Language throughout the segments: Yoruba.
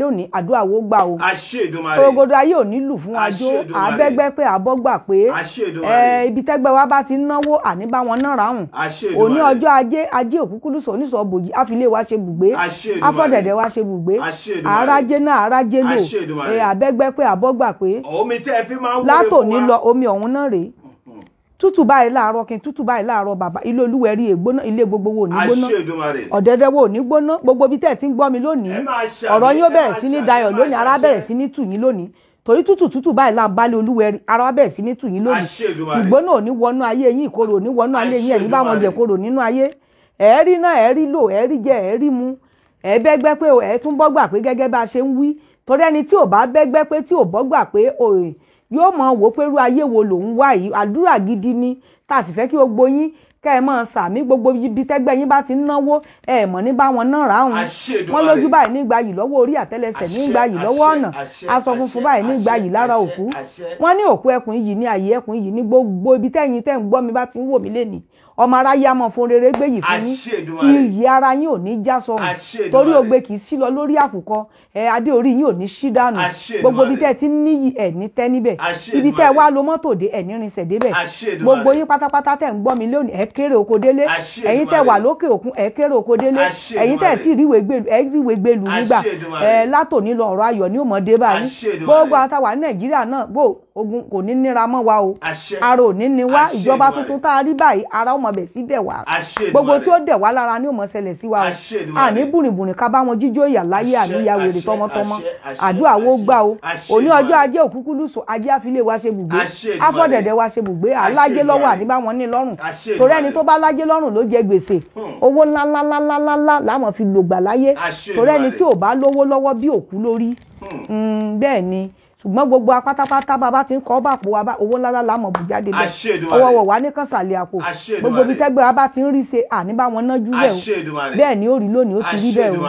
lónìí àdúrà wo gbà o orogodo ayé ò ní lù fún ajó àbẹ́gbẹ́ pé àbọ́gbà pé ibi tẹ́gbẹ́ wa bá ti náwó àní bá wọn náà ráhùn òní ọjọ́ ajé ajé òkúkúrú sọ oníṣọ bòjì àfilé wa ṣe bùgbé afọ́dẹ̀dẹ̀ wa ṣe bùgbé àrájé náà àrájé lò àbẹ́gbẹ́ pé àbọ́gbà pé látòní lọ omi ọ̀hún náà rèé Tutu báyìí láàárọ̀ kí n tútù báyìí láàárọ̀ bàbá ilé olúwẹrí ègbóná ilé gbogbo wo ní gbóná ọ̀dẹ̀dẹ̀ wo ní gbóná gbogbo bí tẹ̀ tí ń gbọ́ mi lónìí ọ̀rọ̀ yín ó bẹ̀rẹ̀ sí ní dayọ̀ lónìí ara bẹ̀rẹ̀ sí ní tù yín lónìí torí tútù tútù báyìí là ń balẹ̀ olúwẹrí ara bẹ̀rẹ̀ sí ní tù yín lónìí ìgbóná ò ní wọnú ayé yín ìkorò ò ní wọnú ayé yín ẹ̀yin bá jẹ korò nínú ayé ẹ̀ẹ́rí náà ẹ̀ẹ́rí mu ẹ̀ẹ́bẹ́gbẹ́ pé ẹ̀ẹ́ tún bọ́gbà pé gẹ́gẹ́ bá a ṣe ń wí torí ẹni tí ò bá bẹ́gbẹ́ pé tí ò yóò mọ̀ wò pé irú ayé wo lòun wá yìí àdúrà gidi ni tá a sì fẹ́ kí gbogbo yín kẹ́ ẹ máa sàmí gbogbo ibi tẹ́gbẹ́ yín bá ti ń náwó ẹ mọ̀ ní bá wọn náà rà wọn wọn lójú báyìí nígbà yìí lọ́wọ́ orí àtẹ́lẹsẹ̀ nígbà yìí lọ́wọ́ ọ̀nà aṣọ funfun báyìí nígbà yìí lára òkú wọn ní òkú ẹkùn yìí ní àyè ẹkùn yìí ní gbogbo ibi tẹ́yìn tẹ́ ń gbọ́ mi bá ti ń wò mí lénìí ọmọ aráyé àmọ́ fún rere gbé yìí fún yín iyì ara yín ò ní já sọnù torí ògbé kì í sí lọ lórí àkùkọ ẹ adé orí yín ò ní sí dànù gbogbo ibi tẹ́ ẹ ti níyì ẹ̀ ní tẹ́ níbẹ̀ ibi tẹ́ ẹ wá lo mọ́tò dé ẹ̀ nírinṣẹ̀ débẹ̀ gbogbo yín pátápátá tẹ́ ń gbọ́ mi lónìí ẹ kéré oko délé ẹ̀yin tẹ́ wà lókè òkun ẹ kéré oko délé ẹ̀yin tẹ́ tí ríwe gbèlú nígbà látòní lọ ọ̀rọ̀ ayọ̀ ní òmọdé báyìí gbogbo àtàwà Nàìjíríà náà gbò ogun kò ní níra mọ́ wa o ara ò ní ní wá ìjọba tuntun tá a rí báyìí ara ó mọ bẹ̀ sí dẹ̀ wá gbogbo tí ó dẹ̀ wá lára ni ó mọ ṣẹlẹ̀ sí wa o àní bùrìbùrì ká bá wọn jíjó ìyà láyé àníyá wèrè tọmọtọmọ àdúrà wo gbà o òní ọjọ́ ajé òkúkú lùsùn ajé àfilé wa ṣe bùgbé afọ́dẹ̀dẹ̀ wa ṣe bùgbé alájé lọ́wọ́ àní bá wọn ní lọ́rùn torí ẹni tó bá lájé lọ́rùn ló jẹ gbèsè hmm. owó ńláńláńláńlá láwọn fi lògbà láyé torí ẹni tí ò bá lówó lọ́wọ́ bí òkú lórí hmm. Hmm, bẹ́ẹ̀ ni ṣùgbọ́n gbogbo apátápátá bàbá ti ń kọ́ bá àpò wa owó ńlá lálá mọ̀ bùjáde lọ ọwọ́ wọ̀ wá ní kànsàlẹ̀ àpò gbogbo ibi tẹ́gbẹ́ wa ti ń rí ṣe àní bá wọn nájú bẹ́ẹ̀ o bẹ́ẹ̀ ni ó rí lónìí ó ti rí bẹ́ẹ̀ o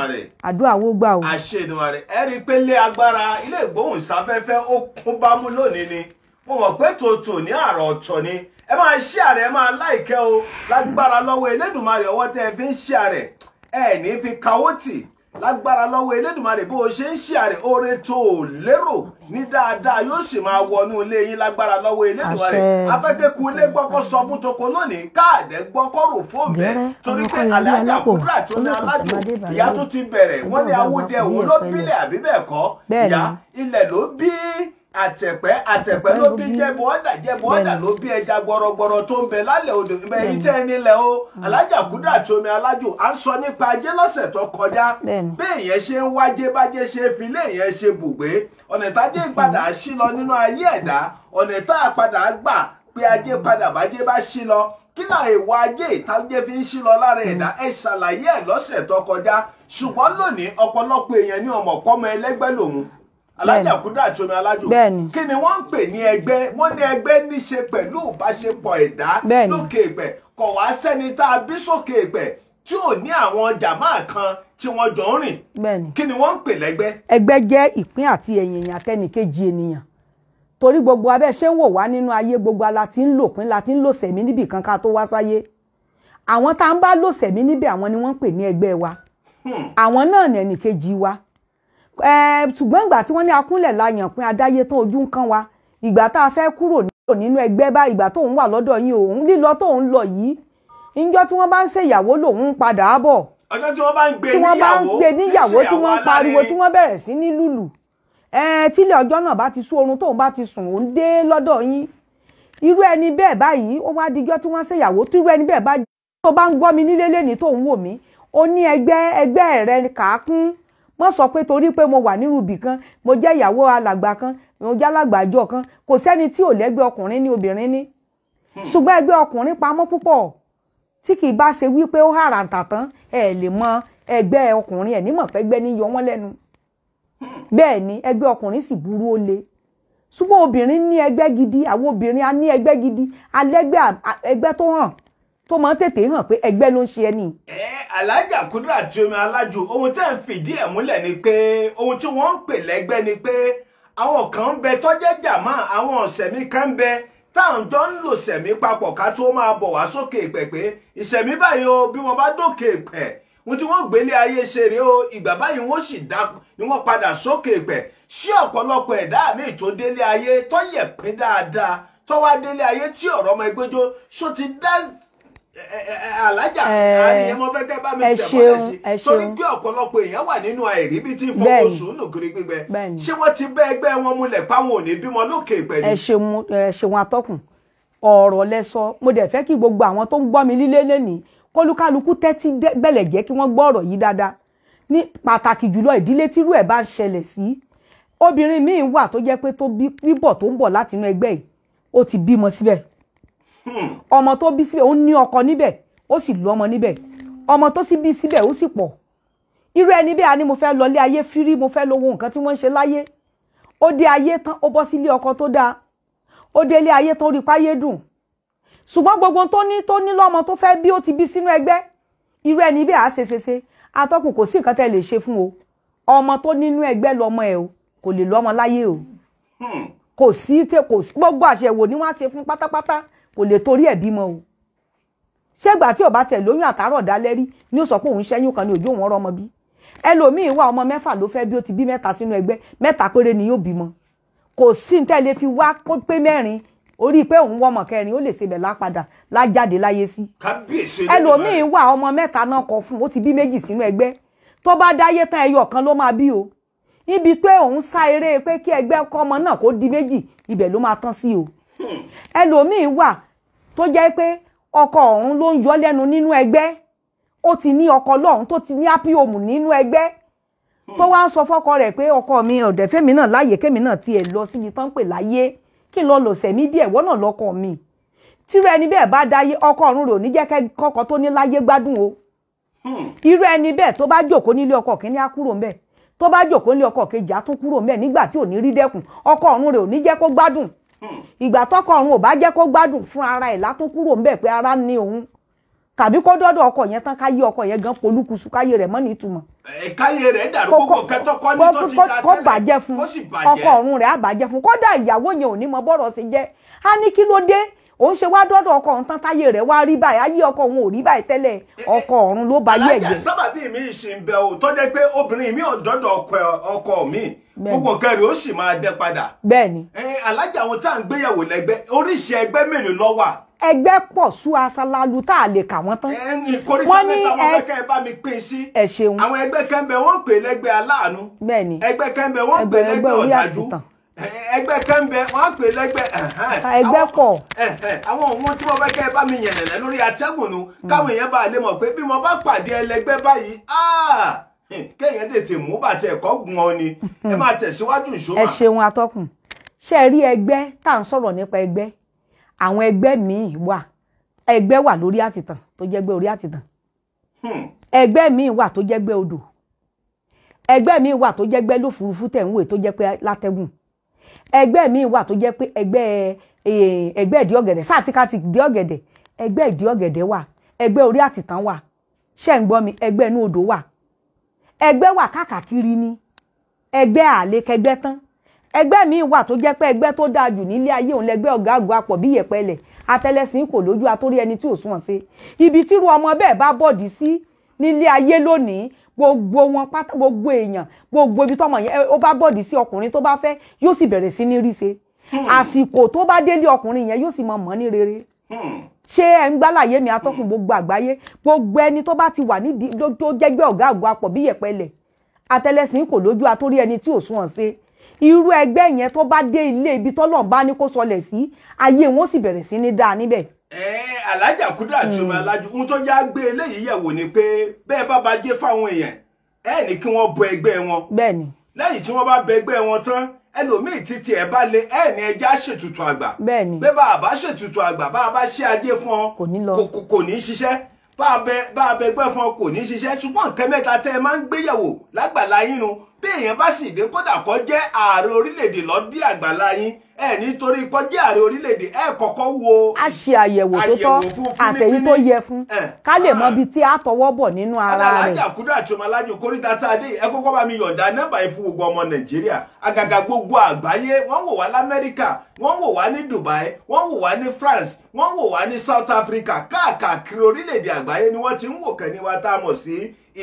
àdúrà wo gbà o. àṣẹdùnmọ̀rẹ̀ i pé ilé agbára ilé ìgbóhùnsáfẹ́fẹ́ ó kún bámú lónìí ni mo mọ̀ pé tòótò ní àrà ọ̀tọ̀ ni ẹ máa ṣí àrẹ ẹ máa láìkẹ́ o lágbára lọ́wọ́ Elédùmarè ọwọ́ tẹ́ ẹ fi ń ṣí àrẹ ẹ ní fi kawó tì lágbára lọ́wọ́ elédùnmarè bó o ṣe ń ṣe àrè oore tó o lérò ní dáadáa yóò sì máa wọnú ilé yín lágbára lọ́wọ́ elédùnmarè abẹ́tẹ́kù ilé gbọ́kọ́ sọ fún toko lónìí káàdẹ́ gbọ́kọ́ rò fóònù ẹ̀ torí pé àlàájá kúrà tó ní alájò ìyá tó ti bẹ̀rẹ̀ wọ́n ní awúdẹ òun ló bílẹ̀ àbí kọ́ ìyá ilẹ̀ ló bí àtẹ̀pẹ́ àtẹ̀pẹ́ ló bí jẹ́bọ̀ọ́dà jẹ́bọ̀ọ́dà ló bí ẹja gbọ̀rọ̀gbọ̀rọ̀ tó ń bẹ lálẹ́ odò ibẹ̀ yìí tẹ́ nílẹ̀ o alájà kúdà omi alájò à ń sọ nípa ajé lọ́sẹ̀ tó kọjá ṣe ń wájé bájé ṣe fi lé èèyàn ṣe bùgbé ọ̀nà tájé padà sí lọ nínú ayé ẹ̀dá ọ̀nà a gbà pé ajé padà lọ kí náà ìwà ajé alájà kúndà àtsomi alájò kí ni wọ́n ń pè ní ẹgbẹ́ wọ́n ní ẹgbẹ́ níṣe pẹ̀lú ìbáṣepọ̀ ẹ̀dá lókè ìpẹ̀ kọ̀ wá sẹ́ni tá a tí ò ní àwọn jàmáà kan tí wọ́n jọ ń rìn kí ni wọ́n ń pè lẹ́gbẹ́. ẹgbẹ́ jẹ́ ìpín àti ẹ̀yìn èèyàn àtẹnìkejì ènìyàn torí gbogbo abẹ́ ṣé ń wò wá nínú ayé gbogbo la ti ń lòpin la ti ń lòsẹ̀mí níbì kan tó wá sáyé àwọn tá à ń bá lòsẹ̀mí níbẹ̀ àwọn ni wọ́n ń pè ní ẹgbẹ́ wa hmm. àwọn náà nẹ̀nìkejì wa ṣùgbọ́n ìgbà tí wọ́n ní akúnlẹ̀ láyàn pín adáyé tán ojú ń kán wa ìgbà tá a fẹ́ kúrò nínú ẹgbẹ́ bá ìgbà tóun wà lọ́dọ̀ yín òun lílọ tóun lọ yìí ìjọ tí wọ́n bá ń ṣèyàwó lòun ń padà bọ̀ ọjọ́ tí wọ́n bá ń gbé níyàwó tí wọ́n ń pariwo tí wọ́n bẹ̀rẹ̀ sí ní lùlù tílẹ̀ ọjọ́ náà bá ti sú oorun tóun bá ti sùn òun dé lọ́dọ̀ yín irú ẹni bẹ́ẹ̀ báyìí ó wá dijọ́ tí wọ́n ṣèyàwó tí irú ẹni bẹ́ẹ̀ bá jẹ́ tó bá ń gbọ́ mi nílé lẹ́ni tóun wò mí ó ní ẹgbẹ́ ẹgbẹ́ rẹ kàákún má sọ pé torí pé mo wà nírú ibì kan mo jẹ́ ìyàwó alàgbà kan mo jẹ́ alàgbà àjọ kan kò sẹ́ni tí ò lẹ́gbẹ́ ọkùnrin ní obìnrin ní hmm. ṣùgbọ́n ẹgbẹ́ ọkùnrin pamọ́ púpọ̀ tí kì í bá ṣe wípé ó hàràǹtà tán ẹ lè mọ ẹgbẹ́ ọkùnrin ẹ̀ nímọ̀ pé gbẹ́ ní yọ wọ́n lẹ́nu hmm. bẹ́ẹ̀ ni ẹgbẹ́ ọkùnrin sì burú ó le ṣùgbọ́n obìnrin ní ẹgbẹ́ gidi àwọn obìnrin a ní ẹgbẹ́ gidi alẹ́gbẹ́ ẹgbẹ́ tó hàn tó máa ń tètè hàn pé ẹgbẹ́ ló ń ṣe ẹni. ẹ alájà Kudirat Omi Alájù ohun tẹ́ ń fìdí ẹ̀ múlẹ̀ ni pé ohun tí wọ́n ń pè lẹ́gbẹ́ ni pé àwọn kan ń bẹ tọ́jẹ́ jàmọ́ àwọn ọ̀sẹ̀mí kan ń bẹ táwọn jọ ń lò sẹ̀mí papọ̀ ká tó máa bọ̀ wá sókè ìpẹ̀pẹ́ ìsẹ̀mí báyìí o bí wọ́n bá dókè ìpẹ̀ ohun tí wọ́n gbélé ayé ṣe rèé o ìgbà báyìí wọ́n sì dá ni wọ́n padà sókè ìpẹ̀ sí ọ̀pọ̀lọpọ̀ ẹ̀dá míì tó délé ayé tó yẹ̀pín dáadáa tó wá délé ayé tí alájà àníyàn eh, mo fẹ́ kẹ́ bá mi tẹ̀ mọ́lẹ̀ sí torí pé ọ̀pọ̀lọpọ̀ èèyàn wà nínú àìríbí tí ìfọwọ́ sùúrù kiri gbígbẹ ṣé wọ́n ti bẹ́ ẹgbẹ́ wọn múlẹ̀ páwọn ò ní bímọ lókè pẹ̀lú. ẹ ṣeun ẹ ṣeun atọ́kùn ọ̀rọ̀ lẹ sọ mo dẹ̀ fẹ́ kí gbogbo àwọn tó ń gbọ́ mi lílé lẹ́nìí kólúkálukú tẹ́tí bẹ̀lẹ̀ jẹ́ kí wọ́n gbọ́ ọ̀rọ̀ yìí dáadáa ní pàtàkì jùlọ ìdílé tírú ẹ̀ bá ń ṣẹlẹ̀ sí obìnrin míì wà tó jẹ́ pé tó bíbọ̀ tó ń bọ̀ Hmm. ọmọ tó bí síbẹ̀ ó ní ọkọ níbẹ̀ ó sì lu ọmọ níbẹ̀ ọmọ tó sì bí síbẹ̀ ó sì pọ̀ irú ẹni bẹ́ẹ̀ ni mo fẹ́ lọ lé ayé fírí mo fẹ́ lọ wo nǹkan tí wọ́n ń ṣe láyé ó dé ayé tán ó bọ́ sílé ọkọ tó dáa ó dé ilé ayé tán ó rí páyé dùn ṣùgbọ́n gbogbo tó ní tó ní lọ́mọ tó fẹ́ bí ó ti bí sínú ẹgbẹ́ irú ẹni bẹ́ẹ̀ á ṣe ṣe ṣe atọ́kùn kò sí nǹkan tẹ́ lè ṣe fún o ọmọ tó nínú ẹgbẹ́ lọ́mọ ẹ o kò lè lọ́mọ láyé o hmm. kò sí tẹ kò sí gbogbo àṣẹwò ni wọ́n á ṣe fún pátápátá kò lè torí ẹ̀ bímọ o ṣégbà tí ó bá tẹ̀ lóyún àtàrọ̀ dálẹ́ rí ni ó sọ pé òun ṣẹ́yún kan ní òjò òun rọmọ bí ẹlòmíín wà ọmọ mẹ́fà ló fẹ́ bí ó ti bí mẹ́ta sínú ẹgbẹ́ mẹ́ta péré ni yóò bímọ kò sí ní tẹ́lẹ̀ fi wá pé mẹ́rin orí pé òun wọ́mọ kẹrin ó lè ṣebẹ̀ lápadà lájáde láyé sí ẹlòmíín wà ọmọ mẹ́ta náà kọ fún ó ti bí méjì sínú ẹgbẹ́ tó bá dáyé tán ẹyọ kan ló máa bí o ibi pé òun sá eré pé kí ẹgbẹ́ kọ́mọ náà kó di méjì ibẹ̀ ló máa tán sí o hmm. ẹlòmíín wà tó jẹ́ pé ọkọ ọ̀hún ló ń yọ lẹ́nu nínú ẹgbẹ́ ó ti ní ọkọ lọ́hún tó ti ní happy home nínú ẹgbẹ́ tó wá ń sọ fọ́kọ rẹ̀ pé ọkọ mi ọ̀dẹ̀ fẹ́mi náà láàyè kémi náà tiẹ̀ lọ síbi tán pè láyé kí n lọ lọ̀sẹ̀ mi díẹ̀ wọ́n náà lọ́kọ mi tírú ẹni bẹ́ẹ̀ bá dáyé ọkọ ọ̀run rò ní jẹ́kẹ́ kọ́kọ́ tó ní láyé gbádùn o hmm. irú ẹni bẹ́ẹ̀ tó bá jòkó nílé ọkọ kìíní á kúrò ńbẹ̀ tó bá jòkó nílé ọkọ kejì á tún kúrò ńbẹ̀ nígbà tí ò ní rí dẹ́kun ọkọ ọ̀run rè ní jẹ́ gbádùn Hmm. ìgbà tọkọ òun ò bá jẹ́ kó gbádùn fún ara ẹ̀ látó kúrò ń bẹ̀ pé ara ní òun tàbí kó dọdọ ọkọ yẹn tán káyé ọkọ yẹn gan polúkúsù káyé rẹ mọ́ nítumọ̀. káyé rẹ̀ dàrú gbogbo kẹtọ́kọ́ ní tó ti dá tẹ́lẹ̀ kó bàjẹ́ fún ọkọ ọ̀run rẹ á fún kódà ìyàwó yẹn ò ní mọ bọ́rọ̀ sí jẹ́ á ní kí ló dé òun ṣe wá dọ́dọ̀ ọkọ òun tán táyé rẹ̀ wá rí báyìí ayé ọkọ òun ò rí báyìí tẹ́lẹ̀ ọkọ ọ̀run ló bá yẹ̀ jẹ́. alájà sábàbí mi ṣì ń bẹ o tó jẹ́ pé obìnrin mi ò dọ́dọ̀ ọkọ mi gbogbo kẹrì ó sì máa dẹ padà. bẹ́ẹ̀ni. alájà àwọn tá à ń gbéyàwó lẹ́gbẹ́ oríṣi ẹgbẹ́ mélòó ló wà ẹgbẹ́ pọ̀ sú asalalu tá a lè kà wọ́n tán. wọ́n ní ẹ ẹ bá mi pín sí. ẹ ṣeun ẹgbẹ́ kan bẹ wọ́n á pè lẹ́gbẹ́ ẹgbẹ́ pọ̀ àwọn ohun tí mo fẹ́ kẹ́ ẹ bá mi yẹ̀nẹ̀lẹ́ lórí atẹ́gùn nu káwọn èèyàn bá lè mọ̀ pé bí mo bá pàdé ẹlẹgbẹ́ báyìí ah, kéèyàn tètè mú bàtẹ ẹ̀kọ́ gun ọ ni ẹ máa tẹ̀síwájú ìṣòwò. ẹ ṣeun atọ́kùn ṣe é rí ẹgbẹ́ tá à ń sọ̀rọ̀ nípa ẹgbẹ́ àwọn ẹgbẹ́ míì wà ẹgbẹ́ wà lórí àtìtàn tó jẹ́ gbé orí àtìtàn hmm. ẹgbẹ́ míì wà tó jẹ́ gbé odò ẹgbẹ́ míì wà tó jẹ́ gbé lófurufú tẹ̀ ń wè tó jẹ́ pé látẹ́gùn ẹgbẹ́ mi wà tó jẹ́ pé ẹgbẹ́ eh, ẹgbẹ́ ìdí ọ̀gẹ̀dẹ̀ sáà tí ká ti ìdí ọ̀gẹ̀dẹ̀ ẹgbẹ́ ìdí ọ̀gẹ̀dẹ̀ wà ẹgbẹ́ orí àtìtàn wà ṣé ń gbọ́ mi ẹgbẹ́ inú odò wà ẹgbẹ́ wà káàkiri ni ẹgbẹ́ àlékẹgbẹ́ tán ẹgbẹ́ mi wà tó jẹ́ pé ẹgbẹ́ tó dáa jù nílé ayé òun lẹgbẹ́ ọ̀gá àgọ́ apọ̀ bí yẹpẹlẹ̀ atẹlẹsìn kò lójú atórí ẹni tí ò sún wọn sí ibi tírú ọmọ bẹ́ẹ̀ bá bọ̀dì sí nílé ayé lónìí gbogbo wọn pátá gbogbo èèyàn gbogbo ibi tọmọ yẹn ó bá bọ̀dì sí ọkùnrin tó bá fẹ́ yóò sì bẹ̀rẹ̀ sí ní ríṣe hmm. àsìkò tó bá délé ọkùnrin yẹn yóò sì mọ mọ́ ní rere hmm. ṣé ẹ ń gbálàyé mi atọ́kùn hmm. gbogbo àgbáyé gbogbo ẹni tó bá ti wà nídìí tó jẹ́gbẹ́ ọ̀gá àgọ́ apọ̀ bí yẹ̀pẹ̀lẹ̀ atẹlẹsìn kò lójú atórí ẹni tí ò sún ọ̀n ṣe irú ẹgbẹ́ yẹn tó bá dé ilé ibi tọ́lọ̀ bá ní kó sọlẹ̀ sí ayé wọn sì bẹ̀rẹ̀ sí ní dáa níbẹ̀. ẹ eh, ẹ alájà Kudirat àti hmm. Yomi Alájú ohun tó já gbé eléyìí yẹ̀wò ni pé bẹ́ẹ̀ bá ba jẹ́ fáwọn èèyàn ẹ ní kí wọ́n bọ ẹgbẹ́ wọn lẹ́yìn tí wọ́n bá bẹ ẹgbẹ́ wọn tán ẹlòmíì títí ẹ bá lé ẹ ní ẹja ṣètùtù àgbà bẹ́ẹ̀ bá a bá ṣètùtù àgbà bá a bá ṣe ajé fún ọ kò ní ṣiṣẹ́ bá a bẹ ẹgbẹ́ fún ọ kò ní ṣiṣẹ́ ṣùgbọ́n nǹkan mẹ́ta tẹ́ ẹ máa ń gbéyẹ̀wò lágbàlá yín nu béèyàn bá sì dé kódà kó jẹ́ ààrẹ orílẹ̀-èdè lọ́dí àgbàlá yín ẹ nítorí kó jẹ́ ààrẹ orílẹ̀-èdè ẹ kọ́kọ́ wo. a ṣe àyẹ̀wò tó tọ́ àtẹ̀yí tó yẹ fún ká lè mọ ibi tí a tọwọ́ ara rẹ̀. àti ọmọlájú kórìíta ẹ kọ́kọ́ bá mi yọ̀ǹda ọmọ nàìjíríà gbogbo àgbáyé wọ́n wò wá lamẹ́ríkà wọ́n wò wá dubai wọ́n wò wá france wọ́n wò wá ní south africa káàkiri orílẹ̀-èdè àgbáyé ni wọ́n ti ń wò kẹ́ni wa tá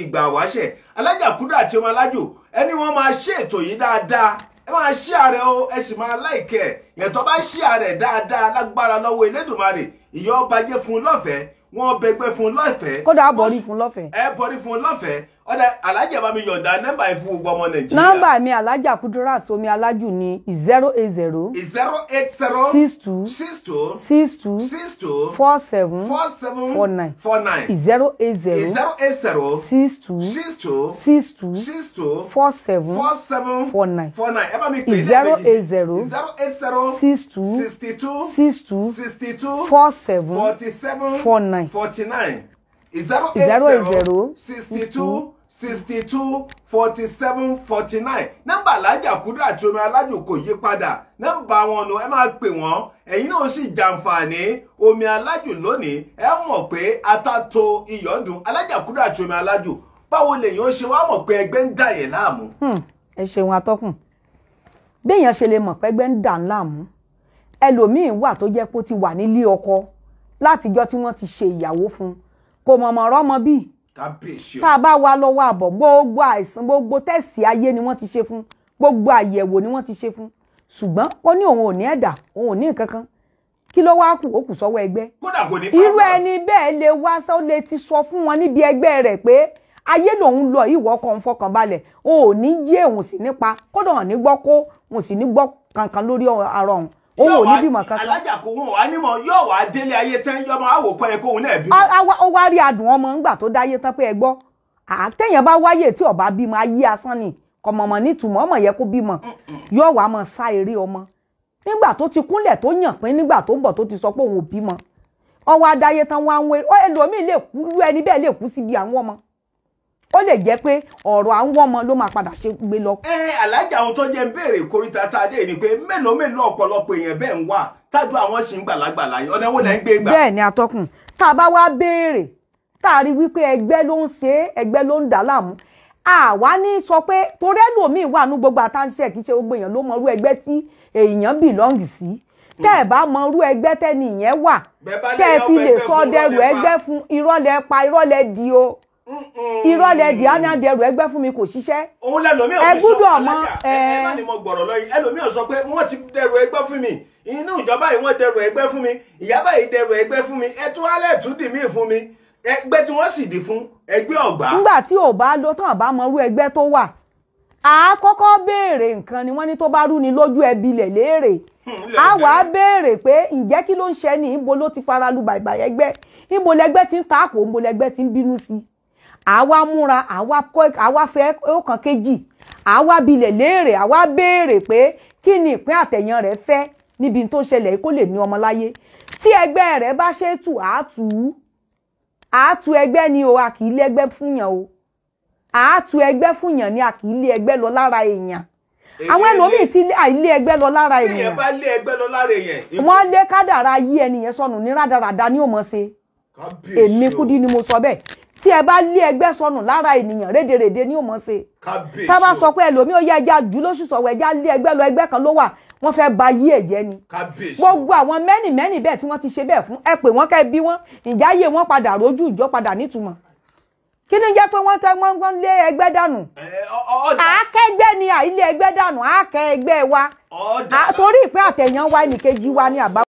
ìgbà wáṣẹ̀ alájà kúdà àti ọmọ alájò ẹni wọ́n máa ṣe ètò yìí dáadáa ẹ máa ṣí ààrẹ o ẹ sì máa láìkẹ yẹn tó bá ṣí ààrẹ dáadáa lágbára lọ́wọ́ Elédùmarè ìyá ọba jẹ́ fún un lọ́fẹ̀ẹ́ wọ́n bẹgbẹ́ fún un lọ́fẹ̀ẹ́ kódà bọ̀rí fún un lọ́fẹ̀ẹ́ ẹ bọ̀rí fún un lọ́fẹ̀ẹ́ ọ̀dà alájà bá mi yọ̀ǹda nọ́mbà ìfún gbogbo ọmọ nàìjíríà. nọ́mbà mi alájà kudurat omi alájù ni zero eight zero. zero eight zero. six two. six two. six two. six two. four seven. four seven. four nine. four nine. zero eight zero. zero eight zero. six two. six two. six two. six two. four seven. four seven. four nine. four nine. ẹ bá mi pè é zero eight zero. zero eight zero. six two. sixty two. six two. sixty two. four seven. forty seven. four nine. forty nine. zero eight zero. sixty two sixty two forty seven forty nine nọ́mbà alájà kúdà àti omi alájò kò yí padà nọ́mbà wọn nu ẹ máa pè wọ́n ẹ̀yin náà sì jàǹfààní omi alájò lónìí ẹ mọ̀ pé atato iyọ̀dùn alájà kúdà àti omi alájò báwo lèyàn ṣe wá mọ̀ pé ẹgbẹ́ ń dà yẹn láàmú. Hmm, ẹ ṣeun atọ́kùn béèyàn ṣe lè mọ̀ pé ẹgbẹ́ ń dà ń láàmú ẹlòmíín wà tó jẹ́ pé ó ti wà nílé ọkọ látijọ́ tí wọ́n ti ṣe ìyàwó fún kò mọ̀mọ́ ọ̀rọ̀ ọmọ bíi tá a bá wa lọ́wọ́ àbọ̀ gbogbo àìsàn gbogbo tẹ́sì ayé ni wọ́n ti ṣe fún gbogbo àyẹ̀wò ni wọ́n ti ṣe fún ṣùgbọ́n ó ní òun ò ní ẹ̀dà òun ò ní nǹkan kan kí ló wá kù ó kù sọ́wọ́ ẹgbẹ́ irú ẹni bẹ́ẹ̀ lè wá sọ lè ti sọ fún wọn níbi ẹgbẹ́ rẹ̀ pé ayé lòun lọ ìwọ kan fọkàn balẹ̀ o ò ní yé òun sì nípa kódà òun ní gbọ́ kó òun sì ní gbọ́ kankan lórí ara òun òun ò ní bímọ kankan. alájà kò wọn wá nímọ yóò wá délé ayé tán yọmọ àwò pẹrẹ kóun náà bímọ. ó wá rí adùn ọmọ ńgbà tó dáyé tán pé ẹ gbọ́ àtẹ̀yìn bá wáyè tí ọba bímọ ayé asán ni kọmọmọ nítumọ̀ ọmọ yẹ kó bímọ yóò wá mọ sá eré ọmọ nígbà tó ti kúnlẹ̀ tó yàn pín nígbà tó ń bọ̀ tó ti sọ pé òun ò bímọ ọwọ́ adáyé tán wá ń wé ẹlòmíì lè kú ẹni bẹ́ẹ̀ lè kú síbi àwọn ọmọ ó lè jẹ́ pé ọ̀rọ̀ à ń wọ́mọ ló máa padà ṣe gbé lọ. ẹ alájà ohun tó jẹ́ ń béèrè ìkórìtà tá a dé ni pé mélòó mélòó ọ̀pọ̀lọpọ̀ èèyàn bẹ́ẹ̀ ń wà tájú àwọn sì ń gbàlagbàlà ọ̀nà wo ń gbé gbà. bẹ́ẹ̀ ni atọ́kùn tá a bá wá béèrè tá a rí wípé ẹgbẹ́ ló ń ṣe é ẹgbẹ́ ló ń dà láàmú àwa ní sọ pé torí ẹlòmíín wà ní gbogbo àtàǹṣe kì í ṣe gbogbo èèyàn ló bá mọ irú ẹgbẹ́ tẹ́ni ìyẹn wà tẹ́ ẹ fi lè sọ dẹrù ẹgbẹ́ fún irọ́ lẹ pa irọ́ lẹ di o irọ́ lẹ di àná dẹrù ẹgbẹ́ fún mi kò ṣiṣẹ́. òun lẹlòmíì ò fi sọ alága ẹ má ni mo gbọ̀rọ̀ lọ yìí ẹlòmíì ò sọ pé wọ́n ti dẹrù ẹgbẹ́ fún mi inú ìjọba yìí wọ́n dẹrù ẹgbẹ́ fún mi ìyábà yìí dẹrù ẹgbẹ́ fún mi ẹ tún alẹ́ tún dì mí fún mi ẹgbẹ́ tí wọ́n sì dì fún ẹgbẹ́ ọ̀gbá. nígbà tí ò bá lọ tán àbá mọrú ẹgbẹ́ tó wà á kọ́kọ́ béèrè nǹkan ni wọ́n ní tó bá rú ni lójú ẹbí lẹ̀ léèrè á wà á béèrè pé ǹjẹ́ kí ló ń ṣe ní ibo ló ti fara bàìbàì ẹgbẹ́ ibo lẹgbẹ́ ti ń taàpọ̀ ibo lẹgbẹ́ ti ń bínú sí i àwa múra àwa kọ́ àwa fẹ́ ọkàn kejì àwa bilẹ̀ léèrè àwa béèrè pé kí ni ìpín àtẹ̀yàn rẹ̀ fẹ́ níbi tó ṣẹlẹ̀ kó lè ní ọmọ láyé tí ẹgbẹ́ rẹ̀ bá ṣètù àátù àátù ẹgbẹ́ ni o a kì í lé ẹgbẹ́ fúnyàn o àátù ẹgbẹ́ fúnyàn ni a kì í lé ẹgbẹ́ lọ lára èèyàn àwọn ẹlòmíì ti àìlé ẹgbẹ́ lọ lára èèyàn èèyàn bá lé ẹgbẹ́ lọ lára èèyàn. wọ́n lé kádàrá yí ẹnìyẹn sọnù ní rádaràda ní òmọ̀ọ́sẹ̀ èmi kúdí ni mo sọ bẹ́ẹ̀ tí ẹ bá lé ẹgbẹ́ sọnù lára ènìyàn rédèrèdè ni ó mọ̀ ṣe. tá a bá sọ pé ẹlòmíì ó yẹ ẹja jù lóṣù sọ̀wọ́ ẹja lé ẹgbẹ́ lọ ẹgbẹ́ kan ló wà wọ́n fẹ́ ba yí ẹ̀jẹ̀ ni. gbogbo àwọn mẹ́nì mẹ́nì bẹ́ẹ̀ tí wọ́n ti ṣe bẹ́ẹ̀ fún ẹ pé wọ́n kẹ́ bí wọ́n ìjáyé wọn padà rojú ìjọ padà nítumọ̀. kí ni jẹ́ pé wọ́n tẹ́ wọ́n lé ẹgbẹ́ dànù. àákẹ́gbẹ́ ni àìlé ẹgbẹ́ dànù àákẹ́ ẹgbẹ́ wa torí ìpín àtẹ̀yàn wa ẹnìkejì wa ni àbá